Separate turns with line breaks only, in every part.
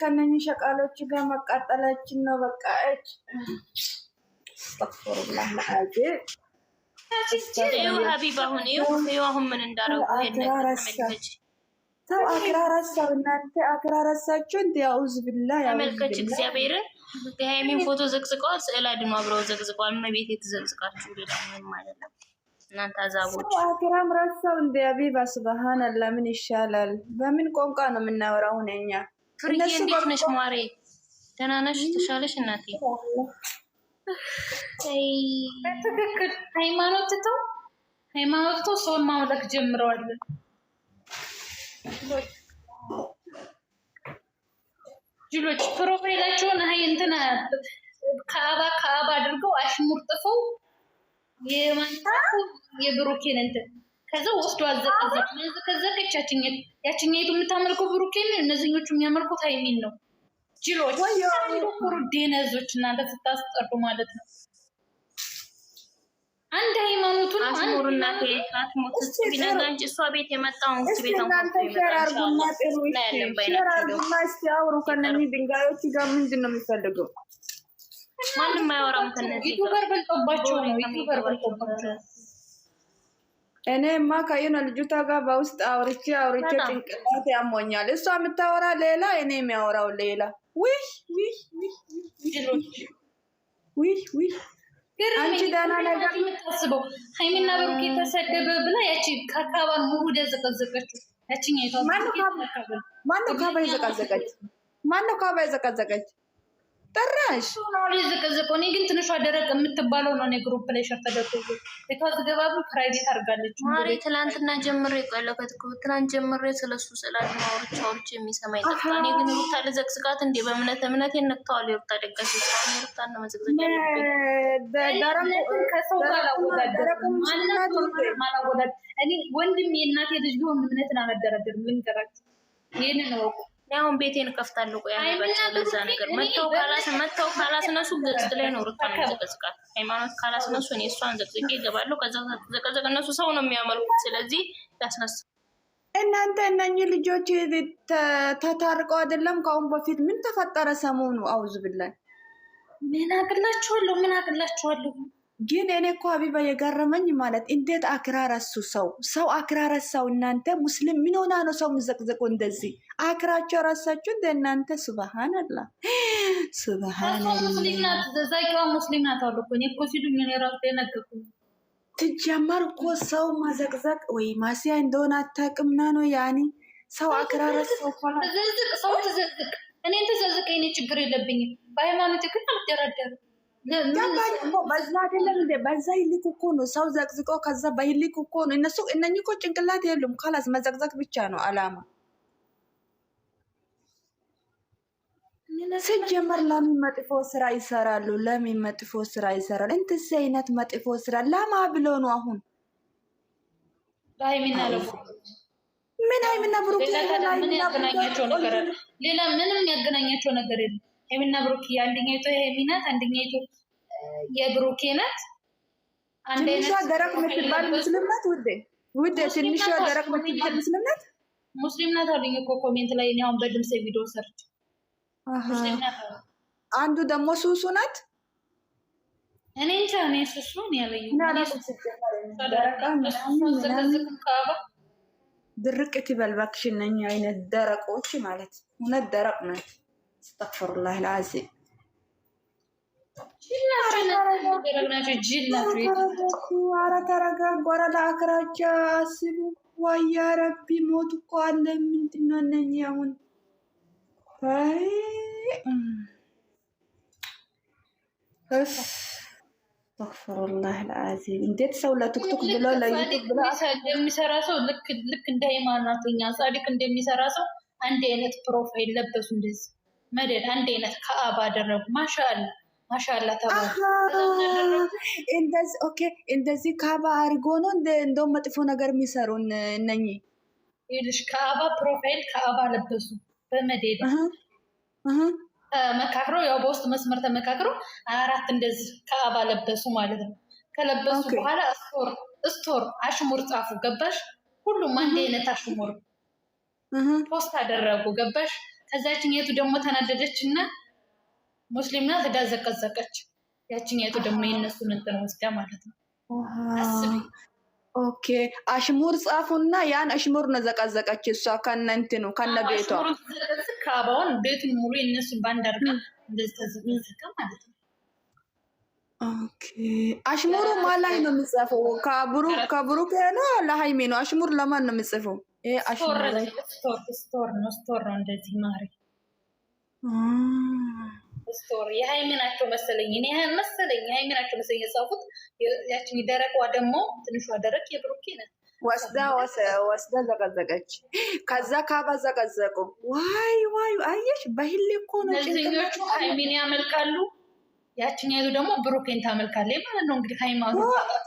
ከነኝ ሸቃሎች ጋር መቃጠላችን ነው። በቃ እጅ አስተግፍሩላህ ለአጅ እናንተ አክራራሳችሁ እንዲ አውዝ ብላ
ተመልከች። እግዚአብሔርን ፎቶ ዘቅዝቀዋል፣ ስዕል አድኖ አብረው ዘቅዝቀዋል። የተዘቅዝቃችሁ ሌላ ምንም አይደለም። እናንተ አዛቦች
አክራም ራሳው እንዲ አቢባ ስብሃን አላ ምን ይሻላል? በምን ቋንቋ ነው የምናወራው ሁነኛ
ፍርዬ እንዴት ነሽ? ማሬ ደህና ነሽ? ተሻለሽ? እናቴ
በትክክል
ሃይማኖት ትተው ሃይማኖት ትተው ሰውን ማውለቅ ጀምረዋል። ጅሎች ፕሮፋይላቸውን ሀይ እንትን ከአባ ከአባ አድርገው አሽሙር ጥፈው የማንታ የብሩኬን እንትን ከዛ ወስዶ አዘቀዘቅ ዘቀዘቀች። ያችኘት ያችኛይቱ የምታመልከው ብሩኬን፣ እነዚህኞቹ የሚያመልኩት ሀይሚን ነው። ጅሎች ሩ ዴነዞች እናንተ ስታስጠሩ ማለት ነው። አንድ ሃይማኖቱን አስሙሩናቴናንጭ እሷ ቤት የመጣውን
ስ ቤት ጥሩ አርጉና እስቲ አውሩ ከነ ድንጋዮች ጋር ምንድን ነው የሚፈልገው?
ማንም አያወራም ከነዚህ
ዩቱበር በልጦባቸው ነው። ዩቱበር በልጦባቸው እኔማ ከየሆነ ልጅቷ ጋር በውስጥ አውርቼ አውርቼ ጭንቅላት ያሞኛል። እሷ የምታወራ ሌላ፣ እኔ የሚያወራው ሌላ። ውይ ውይ አንቺ ደህና
ነገር ሀይሚና በሩክ የተሰደበ ብላ ያቺ ካካባን ሙሁድ ያዘቀዘቀች
ማነው ካባ የዘቀዘቀች? ማነው ካባ የዘቀዘቀች? ጭራሽ
ዝቅዝቅ እኔ ግን ትንሿ ደረቅ የምትባለው ነው። እኔ ግሩፕ ላይ ሸር ተደርጎ ቤቷ ገባቢ ፕራይቬት አድርጋለች። ማሪ ትላንትና ጀምሬ ቆለበት ትናንት ጀምሬ ስለሱ ስላለ ማውሮች አውርቼ የሚሰማ ይጠፋል። እኔ ግን ሩታ ልዘቅዝቃት እንዴ? በእምነት እምነት ነቅተዋል። የሩታ ደጋፊ ሩታ እና መዘግዘግ
ከሰው ጋር አላወዳደርም።
እኔ ወንድም የእናቴ ልጅ ቢሆን እምነትን አላደረደርም። ልንገራችሁ ይህንን ወቁ አሁን ቤቴን እከፍታለሁ። ቆይ በዛ ነገር መተው ካላስ መተው ካላስ ነሱ ገጽት ላይ ነው ርካ ዘቀዝቃል። ሃይማኖት ነሱ እኔ እሷን ዘቅዝቄ እገባለሁ። ከዛ ዘቀዘቅ እነሱ ሰው ነው የሚያመልኩት። ስለዚህ ያስነሳ
እናንተ እነኚህ ልጆች ተታርቀው አይደለም ከአሁን በፊት ምን ተፈጠረ ሰሞኑ? አውዝ ብላኝ
ምን አቅላችኋለሁ? ምን አቅላችኋለሁ?
ግን እኔ እኮ ሀቢባ የገረመኝ ማለት እንዴት አክራረሱ ሰው ሰው አክራረሳው እናንተ ሙስሊም ምን ሆና ነው ሰው ምዘቅዘቁ? እንደዚህ አክራቸው ረሳችሁ እንደ እናንተ። ስብሃንላ ትጀመር እኮ ሰው ማዘቅዘቅ ወይ ማስያ እንደሆነ አታቅምና ነው ያኒ ሰው አክራረሰው
ሰው ትዘዝቅ። እኔ ተዘዝቅ ኔ ችግር የለብኝም። በሃይማኖት ግን አልደረደርም
በዛ አይደለም እንደ በዛ ይልክ እኮ ነው ሰው ዘቅዝቆ ከዛ በይልክ እኮ ነው እነሱ እነኚህ እኮ ጭንቅላት የሉም። ካላስ መዘቅዘቅ ብቻ ነው አላማ። ሲጀመር ለምን መጥፎ ስራ ይሰራሉ? ለምን መጥፎ ስራ ይሰራሉ? እንደዚህ አይነት መጥፎ ስራ ለማ ብሎ ነው አሁን ምን ሃይሚና ብሩክ
ሌላ ምንም ያገናኛቸው ነገር የለም። ሃይሚና ብሩክ አንደኛይቱ ሃይሚ ናት፣ አንደኛይቱ የብሩኬ ናት።
ትንሿ ደረቅ የምትባል ሙስሊም ናት። ውዴ ውዴ ትንሿ ደረቅ የምትባል ሙስሊም ናት።
ሙስሊም ናት አሉኝ እኮ ኮሜንት ላይ እኔ አሁን በድምፅ ቪዲዮ ሰርች
አንዱ ደግሞ ሱሱ ናት።
እኔ እንጃ እኔ ሱሱ ያለኝ
ድርቅ ትበል እባክሽ። እነኛ አይነት ደረቆች ማለት እውነት ደረቅ ናት። አስተግፍሩላህ ለአዚ ኧረ ተረጋጉ። ኧረ ለአክራቻ አስቡ። ዋያ ረቢ ሞት እኮ አለ። ምንድን ነው እነኚህ አሁን አስተግፍሩላህ እንዴት ሰው ለቱክቱክ
ብሎ የሚሰራ ሰው ልክ እንደ ሃይማኖተኛ ጻድቅ እንደሚሰራ ሰው አንድ አይነት ፕሮፋይል ለበሱ። እንደዚህ መደድ አንድ አይነት ከአብ አደረጉ። ማሻላ
እንደዚህ ካባ አድርጎ ነው እንደውም መጥፎ ነገር የሚሰሩን እነኚህ
ይልሽ ከአባ ፕሮፋይል ከአባ ለበሱ በመዴዳ ተመካክረው ያው በውስጥ መስመር ተመካክረው አራት እንደዚህ ከአባ ለበሱ ማለት ነው። ከለበሱ በኋላ ስቶር ስቶር አሽሙር ጻፉ ገባሽ? ሁሉም አንድ አይነት አሽሙር ፖስት አደረጉ ገባሽ? ከዛችን የቱ ደግሞ ተናደደች እና ሙስሊም ናት ሄዳ ዘቀዘቀች። ያችኛይቱ ደግሞ የነሱን እንትን ወስዳ ማለት ነው።
ኦኬ አሽሙር ጻፉና ያን አሽሙር ነው ዘቀዘቀች። እሷ ከነ እንትኑ ከነ ቤቷ
ካባውን ቤቱን ሙሉ የእነሱን ባንድ አርጋ እንደዚህ ማለት ነው።
አሽሙሩ ማን ላይ ነው የምጽፈው? ከብሩ ነው ከሆነ ለሃይሜ ነው። አሽሙር ለማን ነው የምጽፈው? ስቶር
ነው። ስቶር ነው እንደዚህ ማሪ ስቶሪ የሀይሜ ናቸው መሰለኝ እኔ መሰለኝ የሀይሜ ናቸው መሰለኝ የጻፉት። ያችን ደረቋ ደግሞ ትንሿ ደረቅ የብሩኬ ነ
ወስዳ ወስዳ ዘቀዘቀች። ከዛ ካባ ዘቀዘቁ። ዋይ ዋይ አየሽ፣ በህሌ እኮ
ነው። ችግኞቹ ሀይሜን ያመልካሉ፣ ያችን ያሉ ደግሞ ብሩኬን ታመልካለ ማለት ነው። እንግዲህ ሃይማኖት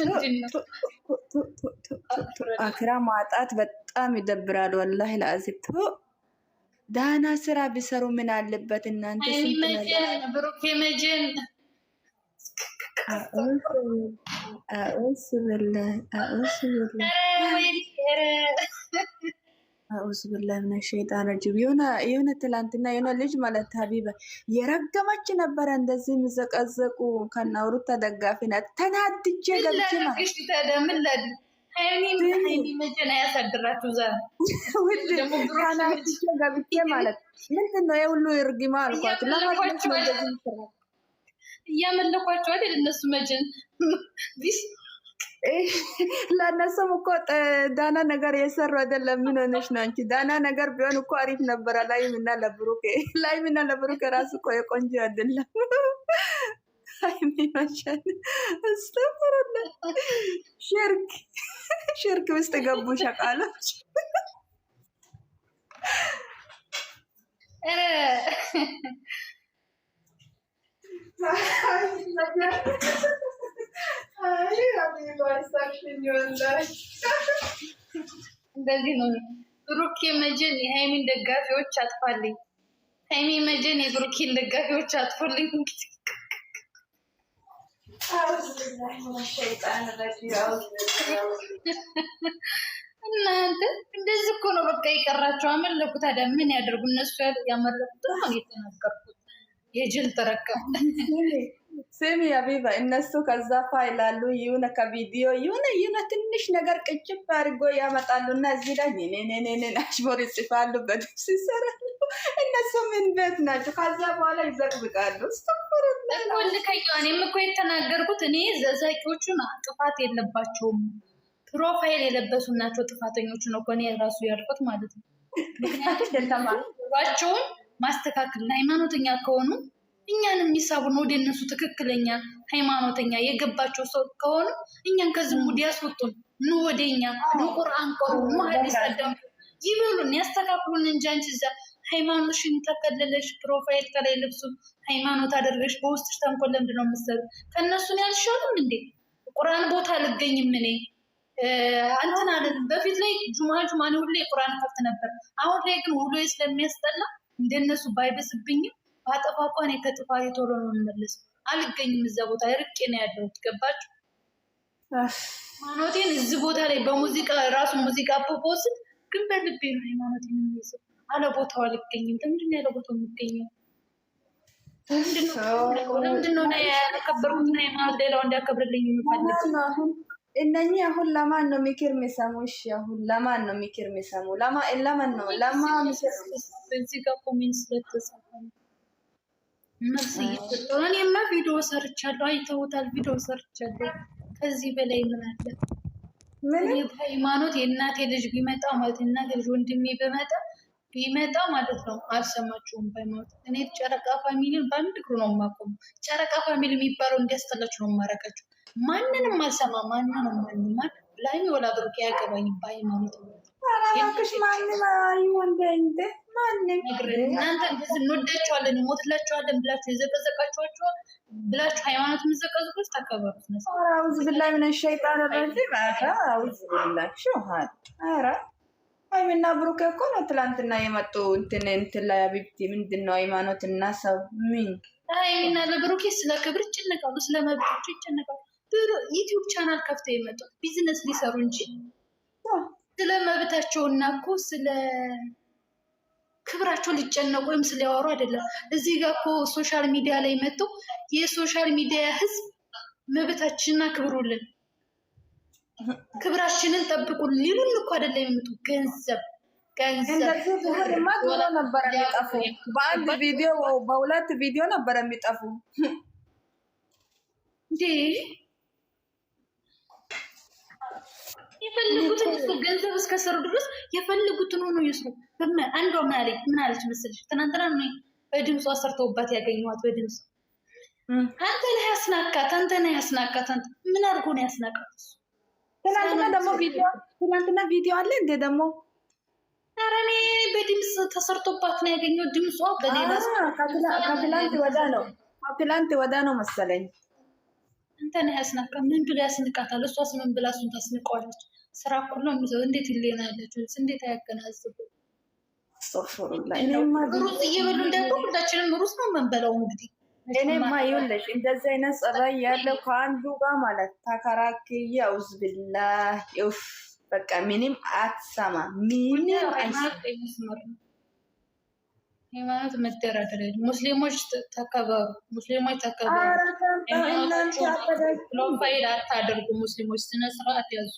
ምንድን ነው?
አክራ ማጣት በጣም ይደብራል። ወላሂ ለአዚብ ዳና ስራ ብሰሩ ምን አለበት? እናንተ አኡዝ ብላ ምን ሸይጣን ረጅም የሆነ ትላንትና የሆነ ልጅ ማለት ሀቢባ የረገመች ነበረ። እንደዚህ የሚዘቀዘቁ ከናውሩታ ደጋፊ ናት። ተናድጄ
ገብቼ ማለት
ምንድን ነው የሁሉ እርግማ አልኳት።
እያመለኳቸው አይደል እነሱ መጀን
ለእነሱም እኮ ዳና ነገር የሰሩ አይደለም። ምን ሆነሽ ነው አንቺ? ዳና ነገር ቢሆን እኮ አሪፍ ነበረ። ላይምና ለብሩኬ ምና ለብሩኬ ራሱ እኮ የቆንጆ አይደለም ሀይሚ መቻል እስተፈረለ ሸርክ ሸርክ ውስጥ ገቡ ሸቃሎች።
እንደዚህ ነው። ብሩኬ መጀን የሀይሚን ደጋፊዎች አጥፋልኝ። ሀይሚ መጀን የብሩኬን ደጋፊዎች አጥፎልኝ። እናንተ እንደዚህ እኮ ነው በቃ የቀራቸው። አመለኩ። ታዲያ ምን ያደርጉ እነሱ ያመለኩት ነው የተናገርኩት። የጅል ተረከሙ
ስም ሀቢባ እነሱ ከዛ ፋይል አሉ ይሁነ ከቪዲዮ ይሁነ ይሁነ ትንሽ ነገር ቅጭፍ አድርጎ ያመጣሉ እና እዚህ ላይ ኔኔኔኔ አሽቦር ይጽፋሉ፣ በድብስ ይሰራሉ። እነሱ ምን ቤት ናቸው? ከዛ በኋላ ይዘቅብቃሉ።
ስተሩልከኔም የምኮ የተናገርኩት እኔ ዘዛቂዎቹን ጥፋት የለባቸውም፣ ፕሮፋይል የለበሱ ናቸው ጥፋተኞቹ ነው እኔ ራሱ ያልኩት ማለት ነው።
ምክንያቱም
ሯቸውን ማስተካከል ሃይማኖተኛ ከሆኑ እኛን የሚሳቡን ወደ እነሱ ትክክለኛ ሃይማኖተኛ የገባቸው ሰው ከሆኑ እኛን ከዝሙድ ያስወጡን፣ ኑ ወደ እኛ፣ ኑ ቁርአን ቆሩ፣ ኑ ሀዲስ አዳም ይበሉን፣ ያስተካክሉን እንጂ አንቺ እዛ ሃይማኖትሽን ተከለለሽ ፕሮፋይል ከላይ ልብሱ ሃይማኖት አደረገሽ በውስጥሽ ተንኮል ለምንድን ነው የምትሰሩ? ከእነሱን ያልሻሉም እንዴ ቁርአን ቦታ አልገኝም እኔ አንተን አለ በፊት ላይ ጁማ ጁማ ሁሌ ቁርአን ከፍት ነበር። አሁን ላይ ግን ውሎ ስለሚያስጠላ እንደነሱ ባይበስብኝም ባጠፋ እንኳን ከጥፋቴ ቶሎ ነው የምመለስ። አልገኝም እዛ ቦታ ርቄ ነው ያለሁት። ገባችሁ?
ሃይማኖቴን
እዚህ ቦታ ላይ በሙዚቃ ራሱ ሙዚቃ ፖፖስት ግን በልቤ ነው ሃይማኖቴን የሚይዘው። አለ ቦታው አልገኝም። ለምንድን ነው ያለ ቦታው የሚገኘው? ለምንድን ነው ያከበርኩት ሃይማኖት ሌላው እንዲያከብርልኝ
የሚፈልግ እነኚህ አሁን ለማን ነው ምክር የሚሰሙሽ? አሁን ለማን ነው ምክር የሚሰሙ? ለማን ነው ለማ
መልስ እየሰጠሁ እኔማ ቪዲዮ ሰርቻለሁ። አይተውታል፣ ቪዲዮ ሰርቻለሁ። ከዚህ በላይ ምን አለ? ሃይማኖት የእናቴ ልጅ ቢመጣ ማለት የእናቴ ልጅ ወንድሜ በመጣ ቢመጣ ማለት ነው። አልሰማችሁም? በሃይማኖት እኔ ጨረቃ ፋሚሊን በአንድ እግሩ ነው የማቆሙ። ጨረቃ ፋሚሊ የሚባለው እንዲያስጠላችሁ ነው የማረጋችሁ። ማንንም አልሰማ ማንንም ማንም ማን ላይ ወላ ብሩክ ያገባኝ በሃይማኖት ነው
አራማክሽ ማንም አይ እናንተ
እንደዚህ እንወዳቸዋለን ሞትላቸዋለን ብላችሁ የዘቀዘቃችኋቸው ብላችሁ ሃይማኖት የምዘቀዝቁት
ተከበሩት ነው። አውዝ ብላይ ምን ሸይጣን ረጅ አውዝ ብላችሁ ሀል አረ ብሩክ እኮ ነው ትላንትና የመጡ እንትን እንትን ላይ አቢብቲ ምንድን ነው ሃይማኖት እና ሰው ምን
ሀይሚና ለብሩኬ ስለ ክብር ይጨነቃሉ፣ ስለ መብቶቹ ይጨነቃሉ። ዩቲዩብ ቻናል ከፍተው የመጡት ቢዝነስ ሊሰሩ እንጂ ስለ መብታቸው እና እኮ ስለ ክብራቸው ሊጨነቁ ወይም ስሊያወሩ አይደለም። እዚህ ጋር እኮ ሶሻል ሚዲያ ላይ መጥተው የሶሻል ሚዲያ ህዝብ መብታችንን አክብሩልን፣ ክብራችንን ጠብቁ ሊሉን እኮ አይደለም የሚመጡ ገንዘብ ገንዘብ
ነበረ የሚጠፉ። በአንድ ቪዲዮ በሁለት ቪዲዮ ነበር የሚጠፉ
እንዴ የፈለጉትን ይስሩ፣ ገንዘብ እስከሰሩ ድረስ የፈለጉትን ሆኖ ይስሩ። አንዷ ማሪ ምን አለች መሰለሽ? ትናንትና በድምፁ አሰርተውባት ያገኘኋት በድምፅ አንተ ነህ ያስናካት፣ አንተ ነህ ያስናካት። አንተ ምን አድርጎ ነው ያስናቃት?
ትናንትና ደግሞ ትናንትና ቪዲዮ አለ እንደ ደግሞ
ኧረ እኔ በድምፅ ተሰርቶባት ነው ያገኘው። ድምጿ
በሌላ ከትላንት ወዳ ነው ከትላንት ወዳ ነው መሰለኝ።
እንተን ያስናካ ምን ብላ ያስንቃታል? እሷስ ምን ብላ እሱን ታስንቀዋለች? ስራ እኩል ነው የሚሰው። እንዴት ይሌና ያላቸው እንዴት አያገናዝቡ? ሩዝ እየበሉ እንዳይሆ ሁላችንም ሩዝ ነው የምንበላው። እንግዲህ
እኔማ ይኸውልሽ እንደዚህ አይነት ጸባይ ያለው ከአንዱ ጋር ማለት ተከራክዬ አውዝ ብላ ውፍ በቃ ምንም አትሰማ ምንም አይመስመር
ሃይማኖት መደራደር ሙስሊሞች ተከበሩ፣ ሙስሊሞች ተከበሩ። ፕሮፋይል አታደርጉ ሙስሊሞች ስነ ስርዓት ያዙ።